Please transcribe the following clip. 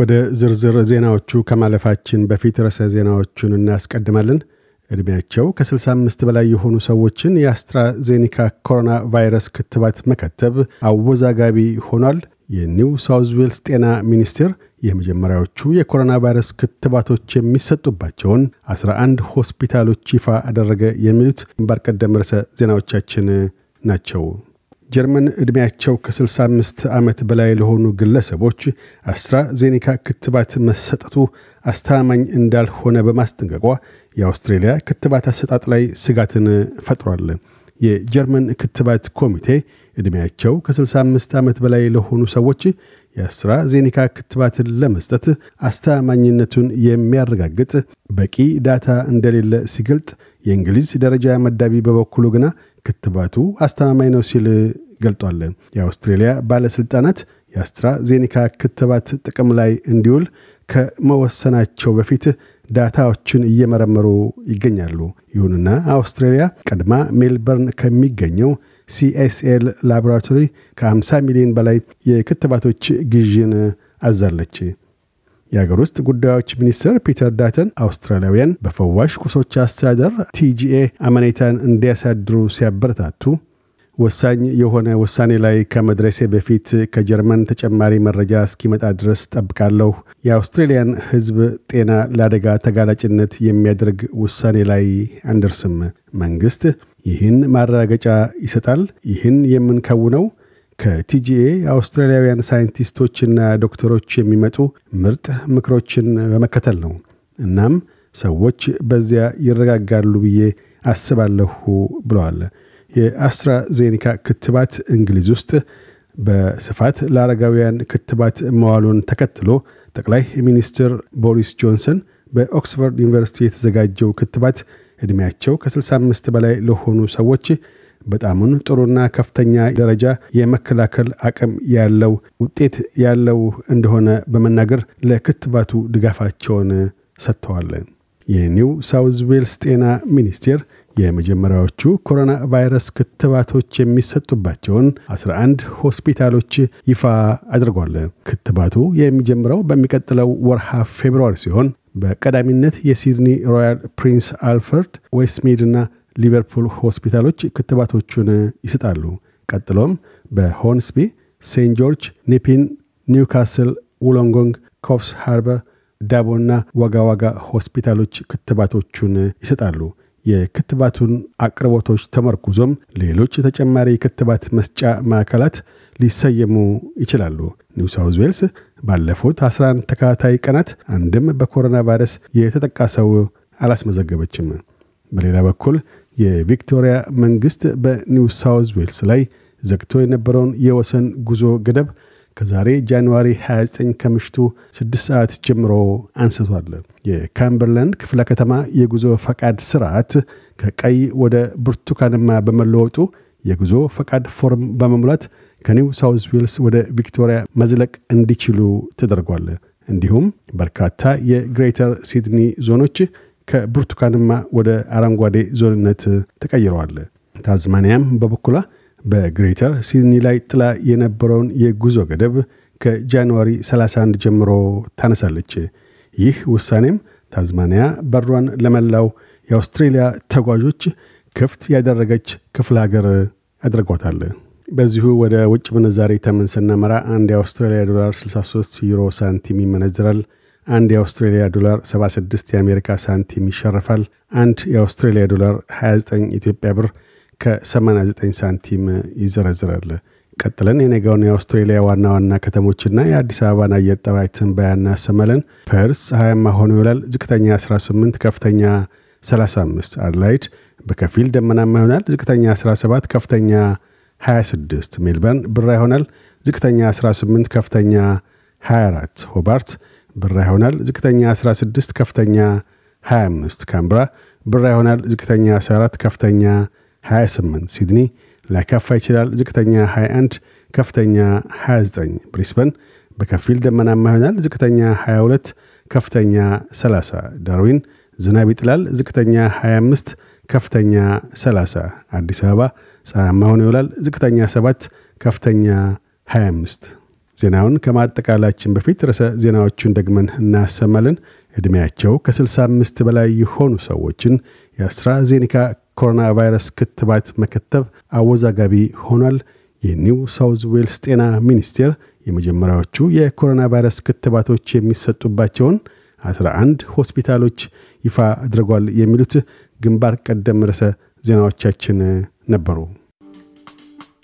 ወደ ዝርዝር ዜናዎቹ ከማለፋችን በፊት ርዕሰ ዜናዎቹን እናስቀድማለን። ዕድሜያቸው ከ65 በላይ የሆኑ ሰዎችን የአስትራዜኒካ ኮሮና ቫይረስ ክትባት መከተብ አወዛጋቢ ሆኗል። የኒው ሳውዝ ዌልስ ጤና ሚኒስቴር የመጀመሪያዎቹ የኮሮና ቫይረስ ክትባቶች የሚሰጡባቸውን 11 ሆስፒታሎች ይፋ አደረገ። የሚሉት ባርቀደም ርዕሰ ዜናዎቻችን ናቸው። ጀርመን ዕድሜያቸው ከ65 ዓመት በላይ ለሆኑ ግለሰቦች ዜኒካ ክትባት መሰጠቱ አስተማማኝ እንዳልሆነ በማስጠንቀቋ የአውስትሬልያ ክትባት አሰጣጥ ላይ ስጋትን ፈጥሯል። የጀርመን ክትባት ኮሚቴ ዕድሜያቸው ከ65 ዓመት በላይ ለሆኑ ሰዎች የአስትራ ዜኒካ ክትባትን ለመስጠት አስተማማኝነቱን የሚያረጋግጥ በቂ ዳታ እንደሌለ ሲገልጥ፣ የእንግሊዝ ደረጃ መዳቢ በበኩሉ ግና ክትባቱ አስተማማኝ ነው ሲል ገልጧል። የአውስትሬሊያ ባለሥልጣናት የአስትራ ዜኒካ ክትባት ጥቅም ላይ እንዲውል ከመወሰናቸው በፊት ዳታዎችን እየመረመሩ ይገኛሉ። ይሁንና አውስትሬልያ ቀድማ ሜልበርን ከሚገኘው ሲኤስኤል ላቦራቶሪ ከ50 ሚሊዮን በላይ የክትባቶች ግዥን አዛለች። የአገር ውስጥ ጉዳዮች ሚኒስትር ፒተር ዳተን አውስትራሊያውያን በፈዋሽ ቁሶች አስተዳደር ቲጂኤ አመኔታን እንዲያሳድሩ ሲያበረታቱ ወሳኝ የሆነ ውሳኔ ላይ ከመድረሴ በፊት ከጀርመን ተጨማሪ መረጃ እስኪመጣ ድረስ ጠብቃለሁ። የአውስትሬልያን ህዝብ ጤና ለአደጋ ተጋላጭነት የሚያደርግ ውሳኔ ላይ አንደርስም። መንግስት ይህን ማረጋገጫ ይሰጣል። ይህን የምንከውነው ከቲጂኤ አውስትራሊያውያን ሳይንቲስቶችና ዶክተሮች የሚመጡ ምርጥ ምክሮችን በመከተል ነው። እናም ሰዎች በዚያ ይረጋጋሉ ብዬ አስባለሁ ብለዋል። የአስትራዜኒካ ክትባት እንግሊዝ ውስጥ በስፋት ለአረጋውያን ክትባት መዋሉን ተከትሎ ጠቅላይ ሚኒስትር ቦሪስ ጆንሰን በኦክስፎርድ ዩኒቨርሲቲ የተዘጋጀው ክትባት ዕድሜያቸው ከ65 በላይ ለሆኑ ሰዎች በጣሙን ጥሩና ከፍተኛ ደረጃ የመከላከል አቅም ያለው ውጤት ያለው እንደሆነ በመናገር ለክትባቱ ድጋፋቸውን ሰጥተዋል። የኒው ሳውዝ ዌልስ ጤና ሚኒስቴር የመጀመሪያዎቹ ኮሮና ቫይረስ ክትባቶች የሚሰጡባቸውን 11 ሆስፒታሎች ይፋ አድርጓል። ክትባቱ የሚጀምረው በሚቀጥለው ወርሃ ፌብርዋሪ ሲሆን በቀዳሚነት የሲድኒ ሮያል ፕሪንስ አልፈርድ፣ ዌስትሜድና ሊቨርፑል ሆስፒታሎች ክትባቶቹን ይሰጣሉ። ቀጥሎም በሆንስቢ፣ ሴንት ጆርጅ፣ ኒፒን፣ ኒውካስል፣ ውሎንጎንግ፣ ኮፍስ ሃርበር፣ ዳቦና ዋጋ ዋጋ ሆስፒታሎች ክትባቶቹን ይሰጣሉ። የክትባቱን አቅርቦቶች ተመርኩዞም ሌሎች ተጨማሪ ክትባት መስጫ ማዕከላት ሊሰየሙ ይችላሉ። ኒው ሳውዝ ዌልስ ባለፉት 11 ተከታታይ ቀናት አንድም በኮሮና ቫይረስ የተጠቃ ሰው አላስመዘገበችም። በሌላ በኩል የቪክቶሪያ መንግሥት በኒው ሳውዝ ዌልስ ላይ ዘግቶ የነበረውን የወሰን ጉዞ ገደብ ከዛሬ ጃንዋሪ 29 ከምሽቱ 6 ሰዓት ጀምሮ አንስቷል። የካምበርላንድ ክፍለ ከተማ የጉዞ ፈቃድ ስርዓት ከቀይ ወደ ብርቱካንማ በመለወጡ የጉዞ ፈቃድ ፎርም በመሙላት ከኒው ሳውዝ ዌልስ ወደ ቪክቶሪያ መዝለቅ እንዲችሉ ተደርጓል። እንዲሁም በርካታ የግሬተር ሲድኒ ዞኖች ከብርቱካንማ ወደ አረንጓዴ ዞንነት ተቀይረዋል። ታዝማኒያም በበኩሏ በግሬተር ሲድኒ ላይ ጥላ የነበረውን የጉዞ ገደብ ከጃንዋሪ 31 ጀምሮ ታነሳለች። ይህ ውሳኔም ታዝማኒያ በሯን ለመላው የአውስትሬልያ ተጓዦች ክፍት ያደረገች ክፍለ ሀገር አድርጓታል። በዚሁ ወደ ውጭ ምንዛሬ ተመን ስናመራ አንድ የአውስትራሊያ ዶላር 63 ዩሮ ሳንቲም ይመነዝራል። አንድ የአውስትሬሊያ ዶላር 76 የአሜሪካ ሳንቲም ይሸርፋል። አንድ የአውስትሬሊያ ዶላር 29 ኢትዮጵያ ብር ከ89 ሳንቲም ይዘረዝራል። ቀጥለን የነገውን የአውስትሬሊያ ዋና ዋና ከተሞችና የአዲስ አበባን አየር ጠባይ ትንበያ እናሰማለን። ፐርስ ፀሐያማ ሆኖ ይውላል። ዝቅተኛ 18፣ ከፍተኛ 35። አድላይድ በከፊል ደመናማ ይሆናል። ዝቅተኛ 17፣ ከፍተኛ 26። ሜልበርን ብራ ይሆናል። ዝቅተኛ 18፣ ከፍተኛ 24። ሆባርት ብራ ይሆናል። ዝቅተኛ 16 ከፍተኛ 25 ካምብራ ብራ ይሆናል። ዝቅተኛ 14 ከፍተኛ 28 ሲድኒ ሊያካፋ ይችላል። ዝቅተኛ 21 ከፍተኛ 29 ብሪስበን በከፊል ደመናማ ይሆናል። ዝቅተኛ 22 ከፍተኛ 30 ዳርዊን ዝናብ ይጥላል። ዝቅተኛ 25 ከፍተኛ 30 አዲስ አበባ ፀሐያማ ሆኖ ይውላል። ዝቅተኛ 7 ከፍተኛ 25 ዜናውን ከማጠቃላችን በፊት ርዕሰ ዜናዎቹን ደግመን እናሰማለን። ዕድሜያቸው ከ65 በላይ የሆኑ ሰዎችን የአስትራዜኒካ ኮሮና ቫይረስ ክትባት መከተብ አወዛጋቢ ሆኗል። የኒው ሳውዝ ዌልስ ጤና ሚኒስቴር የመጀመሪያዎቹ የኮሮና ቫይረስ ክትባቶች የሚሰጡባቸውን 11 ሆስፒታሎች ይፋ አድርጓል። የሚሉት ግንባር ቀደም ርዕሰ ዜናዎቻችን ነበሩ።